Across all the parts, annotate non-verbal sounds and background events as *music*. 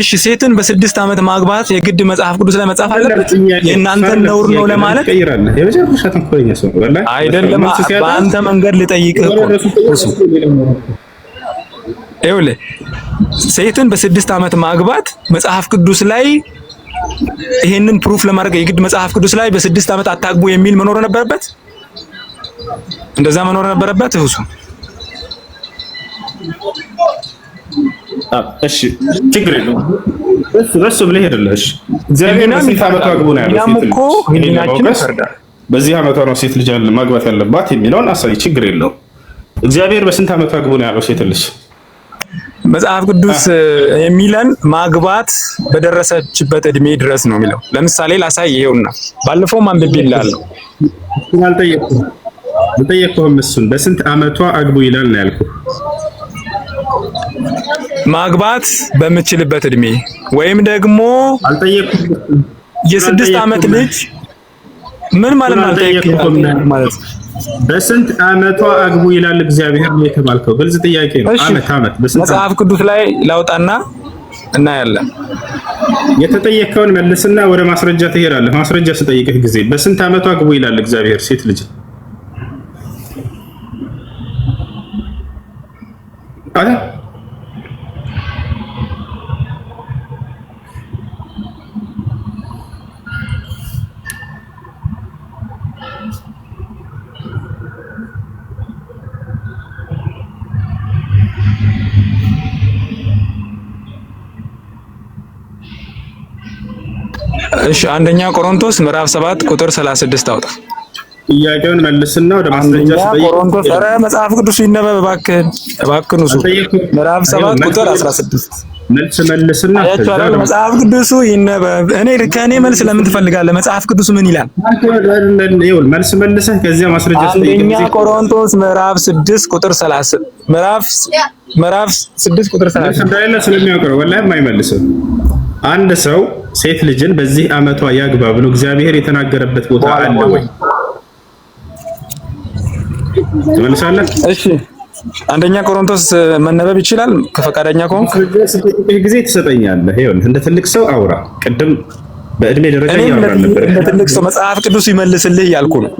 እሺ ሴትን በስድስት ዓመት ማግባት የግድ መጽሐፍ ቅዱስ ላይ መጽሐፍ አለበት የእናንተን ነውር ነው ለማለት አይደለም። በአንተ መንገድ ልጠይቅህ እኮ ይኸውልህ፣ ሴትን በስድስት ዓመት ማግባት መጽሐፍ ቅዱስ ላይ ይሄንን ፕሩፍ ለማድረግ የግድ መጽሐፍ ቅዱስ ላይ በስድስት ዓመት አታግቡ የሚል መኖር ነበረበት። እንደዛ መኖር ነበረበት እሱ እሺ ችግር የለውም። እሱ በሱ ብለህ ሄድልህ። እሺ እግዚአብሔር በስንት ዓመቷ ግቡ ነው ያለው? በዚህ ዓመቷ ነው ሴት ልጅ ማግባት ያለባት የሚለውን አሳይ። ችግር የለውም። እግዚአብሔር በስንት አመቷ ግቡ ነው ያለው? ሴት ልጅ መጽሐፍ ቅዱስ የሚለን ማግባት በደረሰችበት እድሜ ድረስ ነው የሚለው። ለምሳሌ ላሳይ፣ ይሄውና ባለፈው ማንብብ ይላል ነው እሱን በስንት አመቷ አግቡ ይላል ነው ያልኩህ ማግባት በምችልበት እድሜ ወይም ደግሞ የስድስት ዓመት ልጅ ምን ማለት ነው? አልጠየቅኩም ማለት በስንት አመቷ አግቡ ይላል እግዚአብሔር ነው የተባልከው? ግልጽ ጥያቄ ነው። አመት አመት መጽሐፍ ቅዱስ ላይ ላውጣና እናያለን። የተጠየቀውን መልስና ወደ ማስረጃ ትሄዳለህ። ማስረጃ ስጠይቅህ ጊዜ በስንት አመቷ አግቡ ይላል እግዚአብሔር ሴት ልጅ? አረ እሺ አንደኛ ቆሮንቶስ ምዕራፍ 7 ቁጥር 36 አውጣ። ጥያቄውን መልስና ወደ ማስረጃ ስጠይቅ ቆሮንቶስ፣ ኧረ መጽሐፍ ቅዱስ ይነበብ እባክህን፣ እባክህን እሱ ምዕራፍ 7 ቁጥር 16 መልስ መልስና መጽሐፍ ቅዱሱ ይነበብ። እኔ ከእኔ መልስ ለምን ትፈልጋለህ? መጽሐፍ ቅዱስ ምን ይላል? መልስ መልሰህ ከዚያ ማስረጃ ስለይ። አንደኛ ቆሮንቶስ ምዕራፍ 6 ቁጥር 30 ምዕራፍ ምዕራፍ 6 ቁጥር 30 ስለሚያውቀው ወላሂ የማይመልስም አንድ ሰው ሴት ልጅን በዚህ አመቷ ያግባ ብሎ እግዚአብሔር የተናገረበት ቦታ አለ ወይ? ትመልሳለህ? እሺ አንደኛ ቆሮንቶስ መነበብ ይችላል። ከፈቃደኛ ከሆንክ ጊዜ ትሰጠኛለህ። ይኸውልህ እንደ ትልቅ ሰው አውራ። ቅድም በእድሜ ደረጃ እያወራን ነበር። እንደ ትልቅ ሰው መጽሐፍ ቅዱስ ይመልስልህ እያልኩ ነው።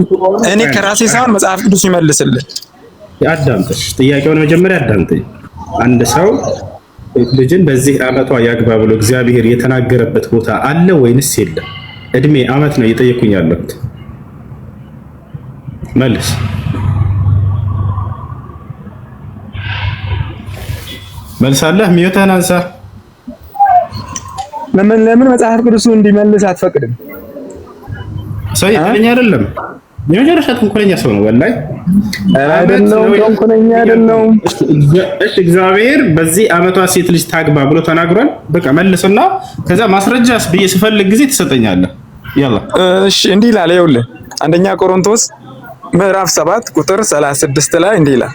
እኔ ከራሴ ሳይሆን መጽሐፍ ቅዱስ ይመልስልህ። አዳምጠኝ፣ ጥያቄውን መጀመሪያ አዳምጠኝ። አንድ ሰው ልጅን በዚህ አመቷ ያግባ ብሎ እግዚአብሔር የተናገረበት ቦታ አለ ወይንስ የለም? እድሜ አመት ነው እየጠየኩኝ ያለሁት። መልስ መልሳለህ። ሚዮተህን አንሳ። ለምን ለምን መጽሐፍ ቅዱሱ እንዲመልስ አትፈቅድም? ሰው አይደለም የመጨረሻ ተንኮለኛ ሰው ነው። ወላይ አይደለም ተንኮለኛ አይደለም። እሺ እግዚአብሔር በዚህ አመቷ ሴት ልጅ ታግባ ብሎ ተናግሯል። በቃ መልስና ከዛ ማስረጃስ ብዬ ስፈልግ ጊዜ ትሰጠኛለህ። ያላ እሺ እንዲህ ይላል። ይኸውልህ አንደኛ ቆሮንቶስ ምዕራፍ 7 ቁጥር 36 ላይ እንዲህ ይላል፣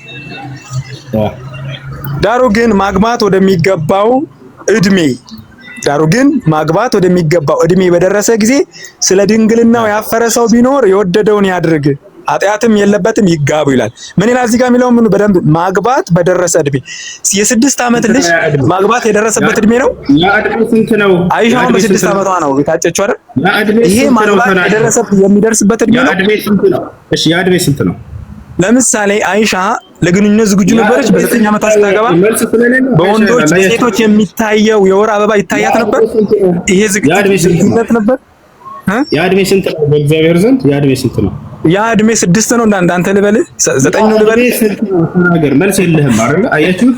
ዳሩ ግን ማግባት ወደሚገባው እድሜ ዳሩ ግን ማግባት ወደሚገባው እድሜ በደረሰ ጊዜ ስለ ድንግልናው ያፈረ ሰው ቢኖር የወደደውን ያድርግ፣ ኃጢአትም የለበትም ይጋቡ ይላል። ምን ይላል እዚህ ጋር የሚለው ምን በደንብ ማግባት በደረሰ እድሜ የስድስት ዓመት ልጅ ማግባት የደረሰበት እድሜ ነው። አይሻውን በስድስት ዓመቷ ነው የታጨችው አይደል? ይሄ ማግባት የደረሰበት የሚደርስበት እድሜ ነው። እሺ የእድሜ ስንት ነው? ለምሳሌ አይሻ ለግንኙነት ዝግጁ ነበረች። በዘጠኝ ዓመት ስታገባ በወንዶች በሴቶች የሚታየው የወር አበባ ይታያት ነበር። ይሄ ዝግጁነት ነበር። ያ እድሜ ስንት ነው? በእግዚአብሔር ዘንድ ያ እድሜ ስንት ነው? ያ እድሜ ስድስት ነው። እንዳንተ አንተ ልበልህ ዘጠኝ ነው ልበልህ። ተናገር። መልስ የለህም አይደል? አያችሁ፣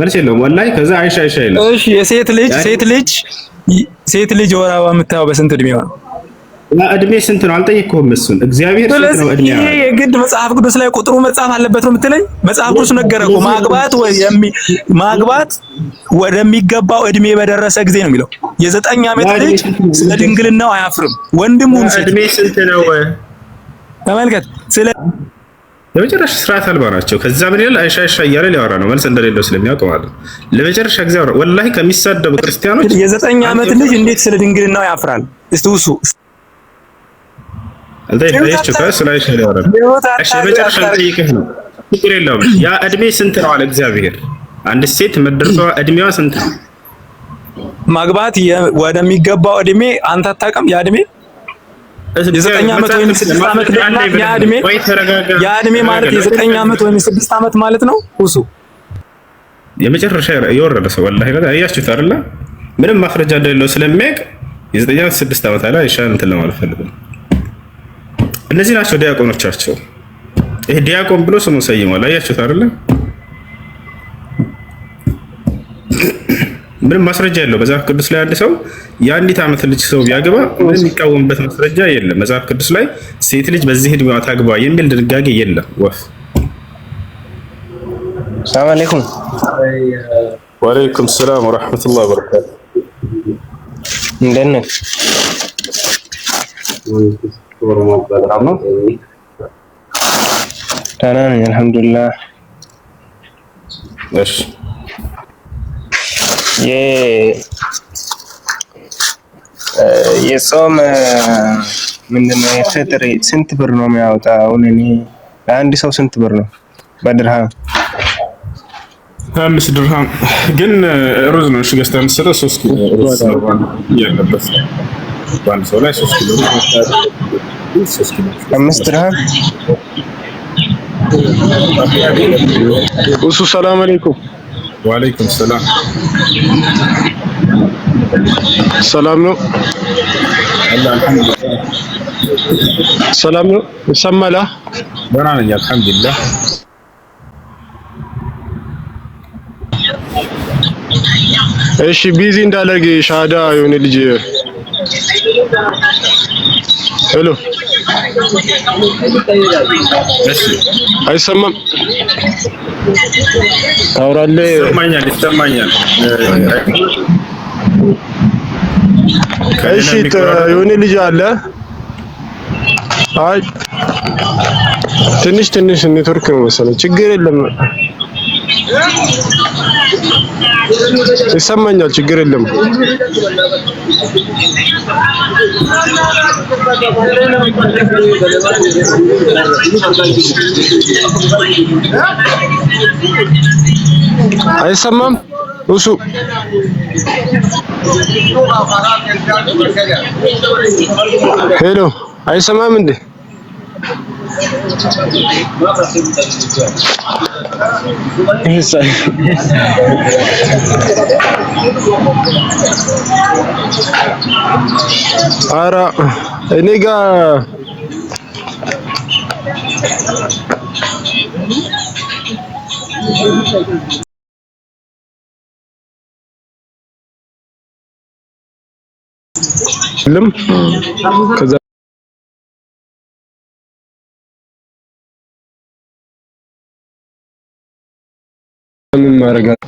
መልስ የለውም ወላሂ። ከዛ አይሻ አይሻ የለም። እሺ፣ የሴት ልጅ ሴት ልጅ ሴት ልጅ የወር አበባ የምታየው በስንት እድሜዋ ነው? እድሜ ስንት ነው? አልጠየቅኩህም። እሱን እግዚአብሔር ስንት ነው እድሜ? ይሄ የግድ መጽሐፍ ቅዱስ ላይ ቁጥሩ መጽሐፍ አለበት ነው የምትለኝ? መጽሐፍ ቅዱስ ነገረ እኮ ማግባት ወይ ማግባት ወደሚገባው እድሜ በደረሰ ጊዜ ነው የሚለው። የዘጠኝ ዓመት ልጅ ስለ ድንግልናው አያፍርም። ወንድም ሁን እድሜ ስንት ነው? ተመልከት። ስለ ለመጨረሻ ስርዓት አልባ ናቸው። ከዛ ምን ይላል? አይሻ አይሻ እያለ ሊያወራ ነው መልስ እንደሌለው ስለሚያውቅ ማለት ነው። ለመጨረሻ ጊዜ ወላሂ ከሚሳደቡ ክርስቲያኖች የዘጠኝ ዓመት ልጅ እንዴት ስለ ድንግልናው ያፍራል? እስቲ ውሱ አንተ ይሄ ጭራሽ ስላይሽ ነው ያለው። እሺ መጨረሻ ልጠይቅህ ነው። ችግር የለውም። ያ እድሜ ስንት ነው አለ እግዚአብሔር። አንድ ሴት የምትደርሰው እድሜዋ ስንት ነው? ማግባት ወደሚገባው እድሜ አንተ አታውቅም። ያ እድሜ የዘጠኝ ዓመት ወይም ስድስት ዓመት ደግሞ ያ እድሜ ያ እድሜ ማለት የዘጠኝ ዓመት ወይም ስድስት ዓመት ማለት ነው። ሁሱ የመጨረሻ የወረደ ሰው ወላሂ አያችሁት አይደለ? ምንም ማስረጃ እንደሌለው ስለሚያውቅ የዘጠኝ ዓመት ስድስት ዓመት አለ። አይሻ እንትን ለማለት ፈልገው እነዚህ ናቸው ዲያቆኖቻቸው። ይሄ ዲያቆን ብሎ ስሙን ሰይሟል። አያችሁት አይደለ? ምንም ማስረጃ የለው መጽሐፍ ቅዱስ ላይ አንድ ሰው የአንዲት ዓመት ልጅ ሰው ቢያገባ ምንም የሚቃወምበት ማስረጃ የለም። መጽሐፍ ቅዱስ ላይ ሴት ልጅ በዚህ ዕድሜዋ ታግባ የሚል ድንጋጌ የለም። ወፍ ሰላም አለይኩም። ወአለይኩም ሰላም ወራህመቱላሂ ወበረካቱ። ደህና ነኝ አልሐምዱሊላህ። እሺ የጾም ምንድን ነው የፈጥር ስንት ብር ነው የሚያወጣው? እኔ ለአንድ ሰው ስንት ብር ነው በድርሃም? አምስት ድርሃም ግን ሩዝ ነው እሺ ገዝተህ የምትሰጠው ሶስት ያለበት በአንድ ሰው ላይ ሶስት ኪሎ አምስት ድርሃም። እሱ ሰላም አለይኩም። ወአለይኩም ሰላም። ሰላም ነው። ሰላም ነው። ይሰማል። ደህና ነኝ አልሐምዱሊላህ። እሺ ቢዚ እንዳለግ ሻዳ የሆነ ልጅ ሄሎ፣ እሺ፣ አይሰማም? ታውራለህ? ይሰማኛል፣ ይሰማኛል። እሺ፣ የሆነ ልጅ አለ። አይ ትንሽ ትንሽ ኔትወርክ ነው መሰለኝ፣ ችግር የለም። ይሰማኛል። ችግር የለም። አይሰማም እሱ ሄሎ፣ አይሰማም እንዴ? ኧረ እኔ ጋ ልም ከዛ ምን ማረጋት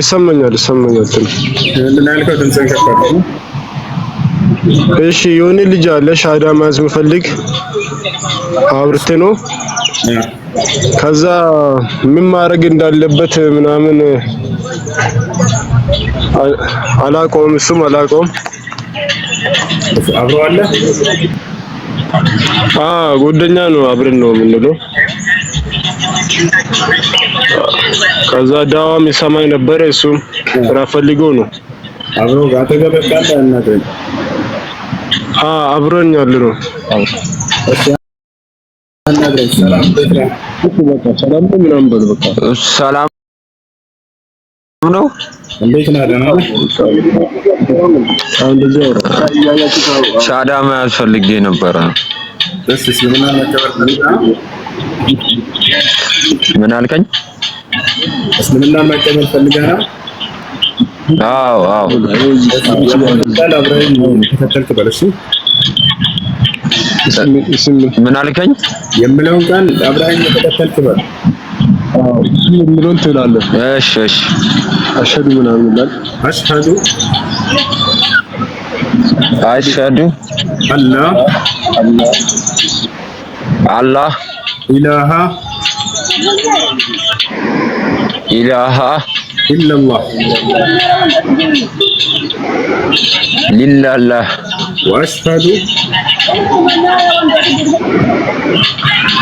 ይሰማኛል ይሰማኛል። እሺ የሆነ ልጅ አለሽ አዳማ ዝም ፈልግ አብርቴ ነው። ከዛ ምን ማድረግ እንዳለበት ምናምን አላውቀውም፣ እሱም አላውቀውም አብረዋለ ጓደኛ ነው። አብረን ነው የምንለው። ከዛ ዳዋም የሰማኝ ነበረ። እሱም ስራ ፈልጎ ነው አብሮ አጠገበቃለ ያለ ነው። ሰላም ምናምን በል በቃ ሰላም ነው እንዴት ነህ? ደህና ነህ? ሻዳ መያዝ ፈልጌ ነበረ። ምን አልከኝ? እስልምናን መቀበል ፈልገህ ነው? አዎ አዎ። ምን አልከኝ? የምለውን ቃል አብረኸኝ ተከተልክ በል اشهد ان لا اله الا الله اشهد اشهد الله الله اله إلا الله لله الله وأشهد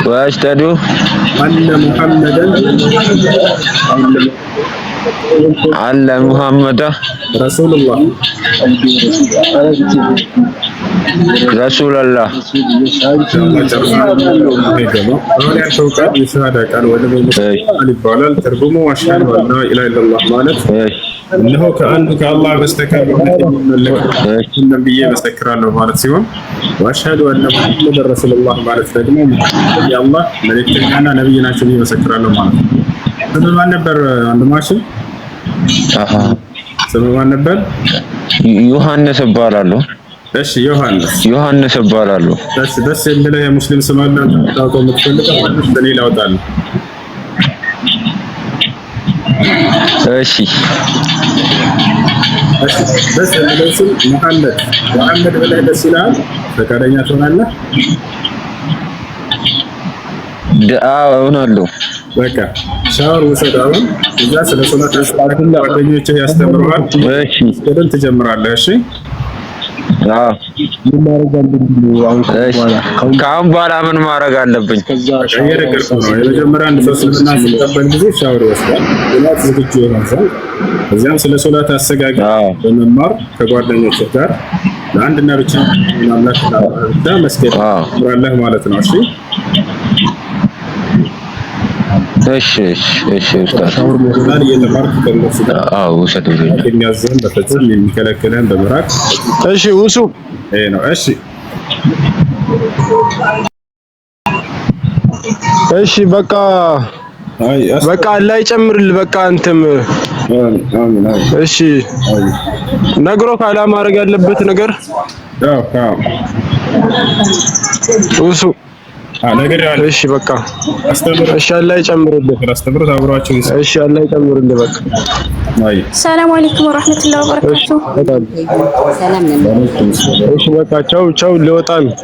وأشهد أن محمدا أن محمدا رسول الله ረሱላላህ ማለት እነሆ ከአንዱ ከአላህ በስተቀር ሁሉም ብዬ መሰክራለሁ ማለት ሲሆን ወአሽሀዱ አነ ሙሐመድ ረሱሉላህ ማለት ደግሞ የአላህ መልእክተኛና ነቢይ ናቸው ብዬ መሰክራለሁ ማለት ነው። ስም ማን ነበር? ወንድማችን ስም ማን ነበር? ዮሐንስ እባላለሁ። እሺ ዮሐንስ ዮሐንስ እባላለሁ። እሺ ደስ የሚልህ የሙስሊም ስም አለ ታውቀው የምትፈልገው እንደኔ ላውጣል። እሺ እሺ ደስ የሚልህ ስም መሐመድ መሐመድ ብለህ ደስ ይላል። ፈቃደኛ ትሆናለህ? አዎ እሆናለሁ። በቃ ሻወር ውሰድ። አሁን እዛ ስለ ሶላት ጓደኞችህ ያስተምረዋል። እሺ ትጀምራለህ። እሺ ከአሁን በኋላ ምን ማድረግ አለብኝ? የመጀመሪያ አንድ ሰው ሲቀበል ጊዜ ሻወር ይወስዳል። ሶላት ዝግጁ ይሆናል። እዚያም ስለ ሶላት አሰጋገድ በመማር ከጓደኞች ጋር ለአንድና ብቻ መስገድ ማለት ነው። እሺ እሺ እሺ እሺ ኡስታዝ አዎ ውሰድ ብሎኛል። የሚያዘን በፍጹም የሚከለክልህን በመራቅ እሺ ውሱ እ ነው። እሺ እሺ በቃ በቃ አላህ ይጨምርልህ። በቃ አንተም እሺ ነግሮ ካላ ማድረግ ያለበት ነገር አዎ አዎ ውሱ እሺ በቃ እሺ፣ አላህ ይጨምርልህ። እሺ፣ አላህ ይጨምርልህ። በቃ ሰላም አለይኩም ወራህመቱላሂ ወበረካቱ። እሺ በቃ ቻው ቻው። ልወጣ ነው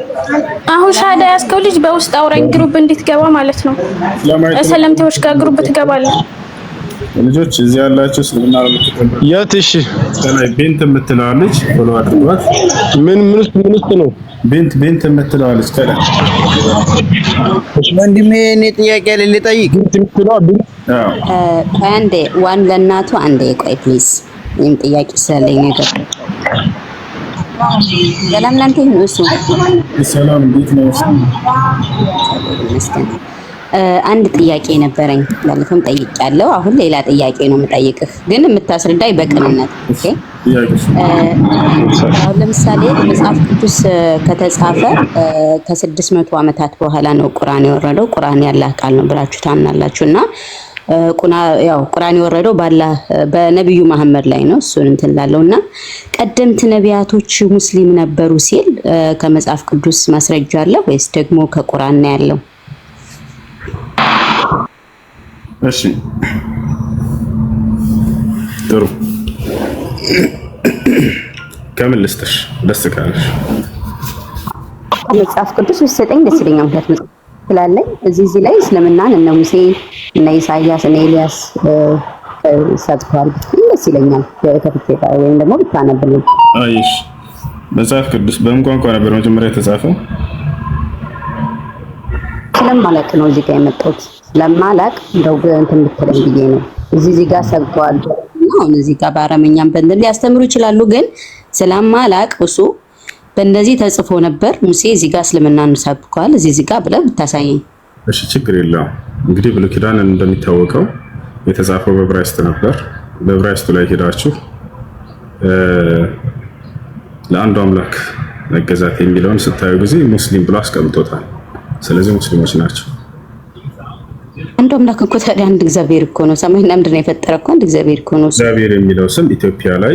አሁን። ሻዳ ልጅ በውስጥ አውራኝ ግሩብ እንድትገባ ማለት ነው። ሰለምቴዎች ጋር ግሩብ ትገባለህ። ልጆች እዚህ ያላችሁ እስልምና የምትቀበሉ የት? እሺ ከላይ ቤንት የምትለዋ ፎሎ አድርጓት። ምን ምን ውስጥ ምን ውስጥ ነው ቤንት ቤንት የምትለዋ ልጅ እሺ ወንድሜ፣ እኔ ጥያቄ አለ ልጠይቅ። ቤንት የምትለዋ ቤንት አንዴ ዋን ለእናቱ አንዴ ቆይ ፕሊዝ፣ ይሄን ጥያቄ ስላለኝ ነገር ሰላም ላንተ ይሁን። እሱ ሰላም፣ እንዴት ነው? አንድ ጥያቄ ነበረኝ። ባለፈውም ጠይቄያለሁ። አሁን ሌላ ጥያቄ ነው የምጠይቅህ፣ ግን የምታስረዳኝ በቅንነት። ኦኬ። አሁን ለምሳሌ መጽሐፍ ቅዱስ ከተጻፈ ከስድስት መቶ ዓመታት በኋላ ነው ቁርአን የወረደው። ቁርአን ያላህ ቃል ነው ብላችሁ ታምናላችሁ እና ያው ቁርአን የወረደው ባላህ በነቢዩ መሐመድ ላይ ነው። እሱን እንትን እና ቀደምት ነቢያቶች ሙስሊም ነበሩ ሲል ከመጽሐፍ ቅዱስ ማስረጃ አለ ወይስ ደግሞ ከቁርአን ነው ያለው? እሺ ጥሩ ከምን ልስጥሽ? ደስ ካለሽ መጽሐፍ ቅዱስ ውሰጠኝ ደስ ይለኛል። ምክንያት መጽሐፍ ስላለኝ እዚህ እዚህ ላይ እስልምናን እነ ሙሴ እነ ኢሳያስ እነ ኤልያስ ሰጥቷል። ደስ ይለኛል ከፊት ወይም ደግሞ ብታነብልኝ። አይሽ መጽሐፍ ቅዱስ በምን ቋንቋ ነበር መጀመሪያ የተጻፈው? ስለማላውቅ ነው እዚህ ጋር የመጣሁት። ለማላቅ እንደው እንትን የምትለኝ ብዬ ነው። እዚህ እዚህ ጋር ሰብከዋል። አሁን እዚህ ጋር በአረመኛም በእንትን ሊያስተምሩ ይችላሉ። ግን ስለማላቅ እሱ በእንደዚህ ተጽፎ ነበር ሙሴ እዚህ ጋር እስልምናን ሰብከዋል፣ እዚህ እዚህ ጋር ብለህ ብታሳየኝ። እሺ ችግር የለውም። እንግዲህ ብሉይ ኪዳን እንደሚታወቀው የተጻፈው በብራይስት ነበር። በብራይስቱ ላይ ሄዳችሁ ለአንዱ አምላክ መገዛት የሚለውን ስታዩ ጊዜ ሙስሊም ብሎ አስቀምጦታል። ስለዚህ ሙስሊሞች ናቸው። አምላክ እኮ ታዲያ አንድ እግዚአብሔር እኮ ነው። ሰማይና ምድርን የፈጠረ እኮ አንድ እግዚአብሔር እኮ ነው። እግዚአብሔር የሚለው ስም ኢትዮጵያ ላይ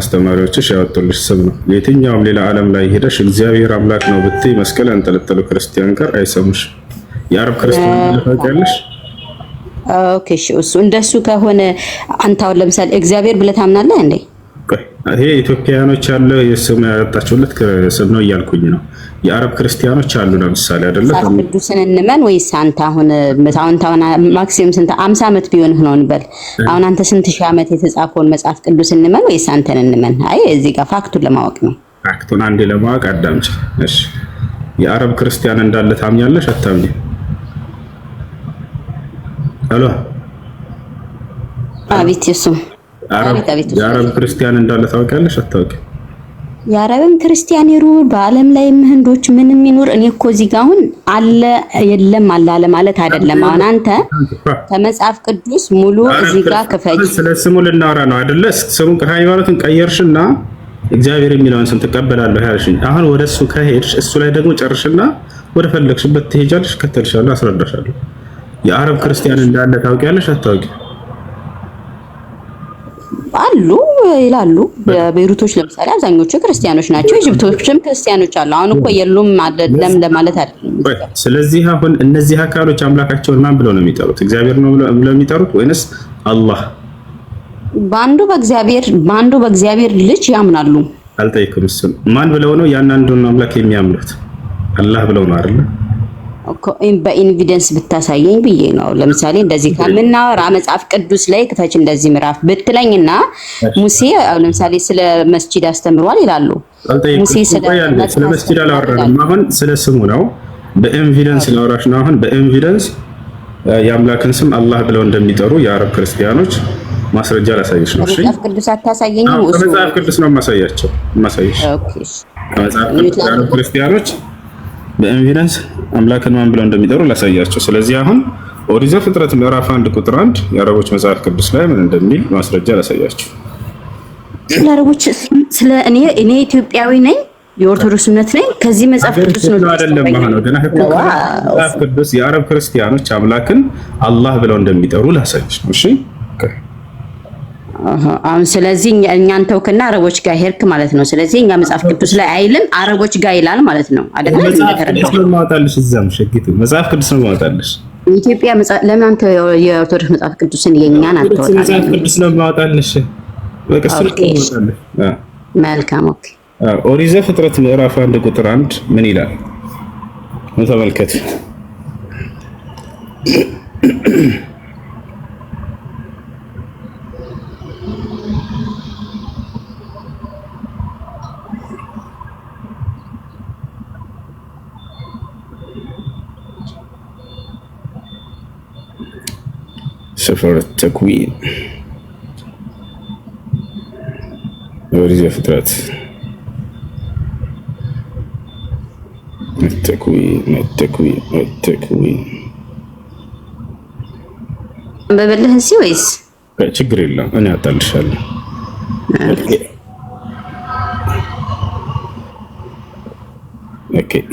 አስተማሪዎችሽ ያወጡልሽ ስም ነው። የትኛውም ሌላ ዓለም ላይ ሄደሽ እግዚአብሔር አምላክ ነው ብትይ መስቀል ያንጠለጠሉ ክርስቲያን ጋር አይሰሙሽ። የአረብ ክርስቲያን ታውቂያለሽ? ኦኬ፣ እሺ፣ እሱ እንደሱ ከሆነ አንተ አሁን ለምሳሌ እግዚአብሔር ብለህ ታምናለህ እንዴ? ይሄ ኢትዮጵያውያኖች ያለው የስም ያወጣችሁለት ስም ነው እያልኩኝ ነው የአረብ ክርስቲያኖች አሉ። ለምሳሌ አይደለ ቅዱስን እንመን ወይስ አንተ አሁን አንተ አሁን ማክሲም ስንት አምሳ ዓመት ቢሆንህ ነው እንበል። አሁን አንተ ስንት ሺህ ዓመት የተጻፈውን መጽሐፍ ቅዱስ እንመን ወይስ አንተን እንመን? አይ እዚህ ጋር ፋክቱን ለማወቅ ነው። ፋክቱን አንዴ ለማወቅ አዳምጪ። እሺ የአረብ ክርስቲያን እንዳለ ታምኛለሽ አታምኚም? አሎ አቤት፣ የሱ አረብ ክርስቲያን እንዳለ ታውቂያለሽ አታውቂም? የአረብም ክርስቲያን ይሩ በአለም ላይ ህንዶች ምንም ይኑር፣ እኔ እኮ እዚህ ጋር አሁን አለ የለም አለ አለ ማለት አይደለም። አሁን አንተ ከመጽሐፍ ቅዱስ ሙሉ እዚህ ጋር ክፈጅ። ስለ ስሙ ልናወራ ነው አይደለ? ስሙን ሃይማኖትን ቀየርሽና እግዚአብሔር የሚለውን ስም ትቀበላለሁ ያልሽኝ። አሁን ወደ እሱ ከሄድሽ እሱ ላይ ደግሞ ጨርሽና ወደ ፈለግሽበት ትሄጃለሽ። ከተልሻለሁ፣ አስረዳሻለሁ። የአረብ ክርስቲያን እንዳለ ታውቂያለሽ አታውቂ አሉ ይላሉ። በቤሩቶች ለምሳሌ አብዛኞቹ ክርስቲያኖች ናቸው። ኢጅፕቶችም ክርስቲያኖች አሉ። አሁን እኮ የሉም ለም ለማለት አይደለም። ስለዚህ አሁን እነዚህ አካሎች አምላካቸውን ማን ብለው ነው የሚጠሩት? እግዚአብሔር ነው ብለው የሚጠሩት ወይንስ አላህ? በአንዱ በእግዚአብሔር በአንዱ በእግዚአብሔር ልጅ ያምናሉ። አልጠይቅም። እሱን ማን ብለው ነው ያን አምላክ የሚያምኑት? አላህ ብለው ነው አይደለ? በኢንቪደንስ ብታሳየኝ ብዬ ነው። ለምሳሌ እንደዚህ ከምናወራ መጽሐፍ ቅዱስ ላይ ክተች እንደዚህ ምዕራፍ ብትለኝና ሙሴ ለምሳሌ ስለ መስጂድ አስተምሯል ይላሉ። ስለ መስጂድ አላወራንም። አሁን ስለ ስሙ ነው። በኢንቪደንስ ላወራሽ ነው። አሁን በኢንቪደንስ የአምላክን ስም አላህ ብለው እንደሚጠሩ የአረብ ክርስቲያኖች ማስረጃ ላሳየሽ ነው። መጽሐፍ ቅዱስ አታሳየኝም? መጽሐፍ ቅዱስ ነው የማሳያቸው የማሳየሽ ከመጽሐፍ ቅዱስ የአረብ ክርስቲያኖች በኢምፔደንስ አምላክን ማን ብለው እንደሚጠሩ ላሳያቸው። ስለዚህ አሁን ኦሪት ዘፍጥረት ምዕራፍ አንድ ቁጥር አንድ የአረቦች መጽሐፍ ቅዱስ ላይ ምን እንደሚል ማስረጃ ላሳያቸው። ለአረቦች ስለ እኔ እኔ ኢትዮጵያዊ ነኝ የኦርቶዶክስ እምነት ነኝ። ከዚህ መጽሐፍ ቅዱስ ነው አይደለም ማለት ነው። መጽሐፍ ቅዱስ የአረብ ክርስቲያኖች አምላክን አላህ ብለው እንደሚጠሩ ነው። እሺ አሁን ስለዚህ እኛን ተውክና አረቦች ጋር ሄድክ ማለት ነው። ስለዚህ እኛ መጽሐፍ ቅዱስ ላይ አይልም አረቦች ጋር ይላል ማለት ነው አይደል? እዛም ሸጊት መጽሐፍ ቅዱስ ነው ማወጣለሽ። ኢትዮጵያ ለምን አንተ የኦርቶዶክስ መጽሐፍ ቅዱስን የኛን ኦሪት ዘፍጥረት ምዕራፍ አንድ ቁጥር አንድ ምን ይላል ስፍር ተክዊን ኦሪት ዘፍጥረት ተክዊን ተክዊን ተክዊን አንበበልህ እዚህ ወይስ ችግር የለም። እኔ አጣልሻለሁ።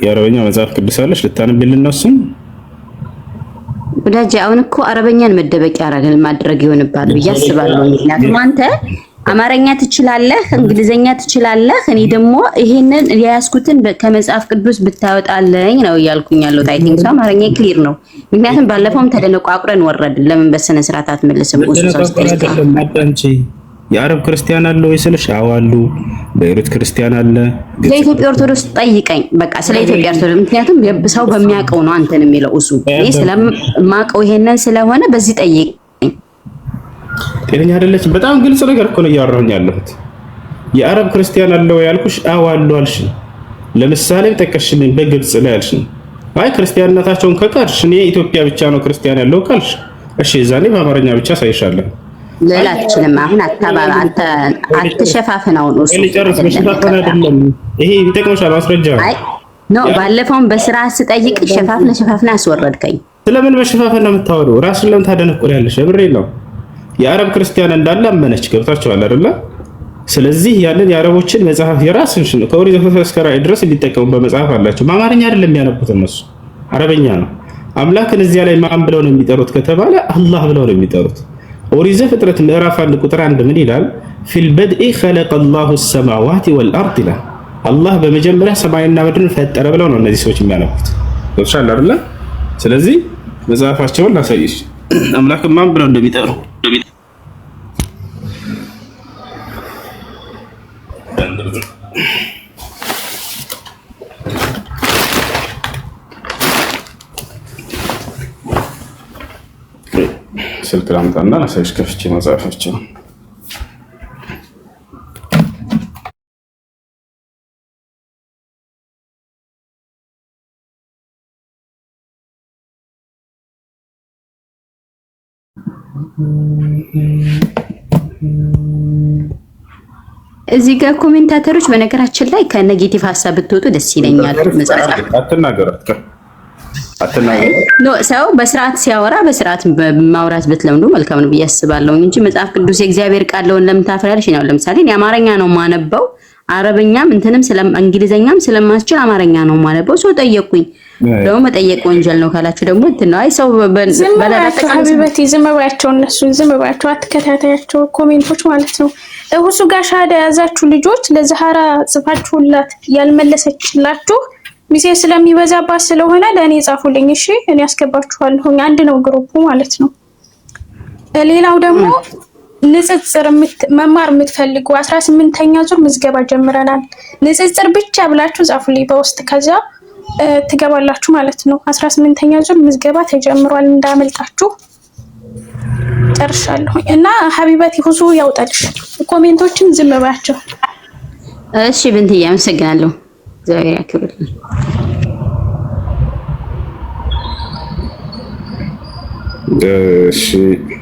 የአረበኛ መጽሐፍ ቅዱስ አለሽ ልታነብልን ነው እሱን ወዳጅ አሁን እኮ አረበኛን መደበቂያ ያረጋል ማድረግ ይሆንባል ብዬ አስባለሁ። ምክንያቱም አንተ አማርኛ ትችላለህ፣ እንግሊዘኛ ትችላለህ። እኔ ደግሞ ይሄንን የያዝኩትን ከመጽሐፍ ቅዱስ ብታወጣለኝ ነው እያልኩኝ ያለሁት። አይ ቲንክ አማርኛ ክሊር ነው። ምክንያቱም ባለፈውም ተደነቋቁረን ወረድን። ለምን በስነ ስርዓት አትመልስም? የአረብ ክርስቲያን አለ ወይ ስልሽ፣ አዎ አሉ። በይሩት ክርስቲያን አለ። ለኢትዮጵያ ኦርቶዶክስ ጠይቀኝ፣ በቃ ስለ ኢትዮጵያ ኦርቶዶክስ። ምክንያቱም ሰው በሚያውቀው ነው አንተን የሚለው እሱ። እኔ ስለማውቀው ይሄንን ስለሆነ በዚህ ጠይቀኝ። ጤነኛ አይደለችም። በጣም ግልጽ ነገር እኮ ነው እያወራሁኝ ያለሁት። የአረብ ክርስቲያን አለ ወይ አልኩሽ፣ አዎ አሉ አልሽ። ለምሳሌ ጠቀስሽልኝ፣ በግልጽ ላይ አልሽ። አይ ክርስቲያንነታቸውን ከካድሽ እኔ ኢትዮጵያ ብቻ ነው ክርስቲያን ያለው ካልሽ፣ እሺ፣ ዛኔ በአማርኛ ብቻ ሳይሻለሁ ልል አትችልም። አሁን አትሸፋፍነው ነው ይሄ ይጠቅምሻል ማስረጃ። ኖ ባለፈውን በስራ ስጠይቅ ሸፋፍነ ሸፋፍነ አስወረድከኝ። ስለምን በሸፋፍን ነው የምታወሪው? ራስን ለምን ታደነቁሪያለሽ? ብሬ ነው የአረብ ክርስቲያን እንዳለ አመነች። ገብታችኋል አይደለ? ስለዚህ ያንን የአረቦችን መጽሐፍ የራስሽ ነው ከኦሪት ዘፍጥረት እስከ ራዕይ ድረስ እንዲጠቀሙ በመጽሐፍ አላቸው። በአማርኛ አይደለም የሚያነቡት እነሱ አረበኛ ነው። አምላክን እዚያ ላይ ማን ብለው ነው የሚጠሩት ከተባለ አላህ ብለው ነው የሚጠሩት። ኦሪት ዘፍጥረት ምዕራፍ አንድ ቁጥር አንድ ምን ይላል? ፊል በድኢ ኸለቀ ላሁ ሰማዋት ወልአርድ ይላል። አላህ በመጀመሪያ ሰማይና ምድርን ፈጠረ ብለው ነው እነዚህ ሰዎች የሚያነቡት። ገብቶሻል አይደለ? ስለዚህ መጽሐፋቸውን ላሳይሽ። *clears throat* አምላክማን ብለው እንደሚጠሩ ስልክ ላምጣና ላሳይሽ ከፍቼ መጽሐፋቸው እዚህ ጋር ኮሜንታተሮች በነገራችን ላይ ከኔጌቲቭ ሀሳብ ብትወጡ ደስ ይለኛል። መጽሐፍ አትናገራት ሰው በስርዓት ሲያወራ በስርዓት ማውራት ብትለምዱ መልካም ነው ብዬ አስባለሁ እንጂ መጽሐፍ ቅዱስ የእግዚአብሔር ቃል ለውን ለምን ታፍሪያለሽ? ነው ለምሳሌ እኔ አማርኛ ነው ማነበው፣ አረበኛም እንትንም እንግሊዘኛም ስለማስችል አማርኛ ነው ማነበው። ሰው ጠየቁኝ። ደግሞ መጠየቅ ወንጀል ነው ካላችሁ ደግሞ እንትን ነው። አይ ሰው ሀቢበቲ ዝም ብያቸው፣ እነሱን ዝም ብያቸው፣ አትከታታያቸው ኮሜንቶች ማለት ነው። እሁሱ ጋር ሻሃዳ የያዛችሁ ልጆች ለዛሃራ ጽፋችሁላት ያልመለሰችላችሁ ጊዜ ስለሚበዛባት ስለሆነ ለእኔ ጻፉልኝ። እሺ እኔ ያስገባችኋለሁ። አንድ ነው ግሩፑ ማለት ነው። ሌላው ደግሞ ንጽጽር መማር የምትፈልጉ አስራ ስምንተኛ ዙር ምዝገባ ጀምረናል። ንጽጽር ብቻ ብላችሁ ጻፉልኝ በውስጥ ከዛ ትገባላችሁ ማለት ነው። አስራ ስምንተኛ ዙር ምዝገባ ተጀምሯል እንዳመልጣችሁ። ጨርሻለሁ እና ሀቢበት ይሁዙ ያውጣልሽ። ኮሜንቶችን ዝም ባቸው። እሺ ብንትዬ አመሰግናለሁ። እግዚአብሔር ያክብርልን። እሺ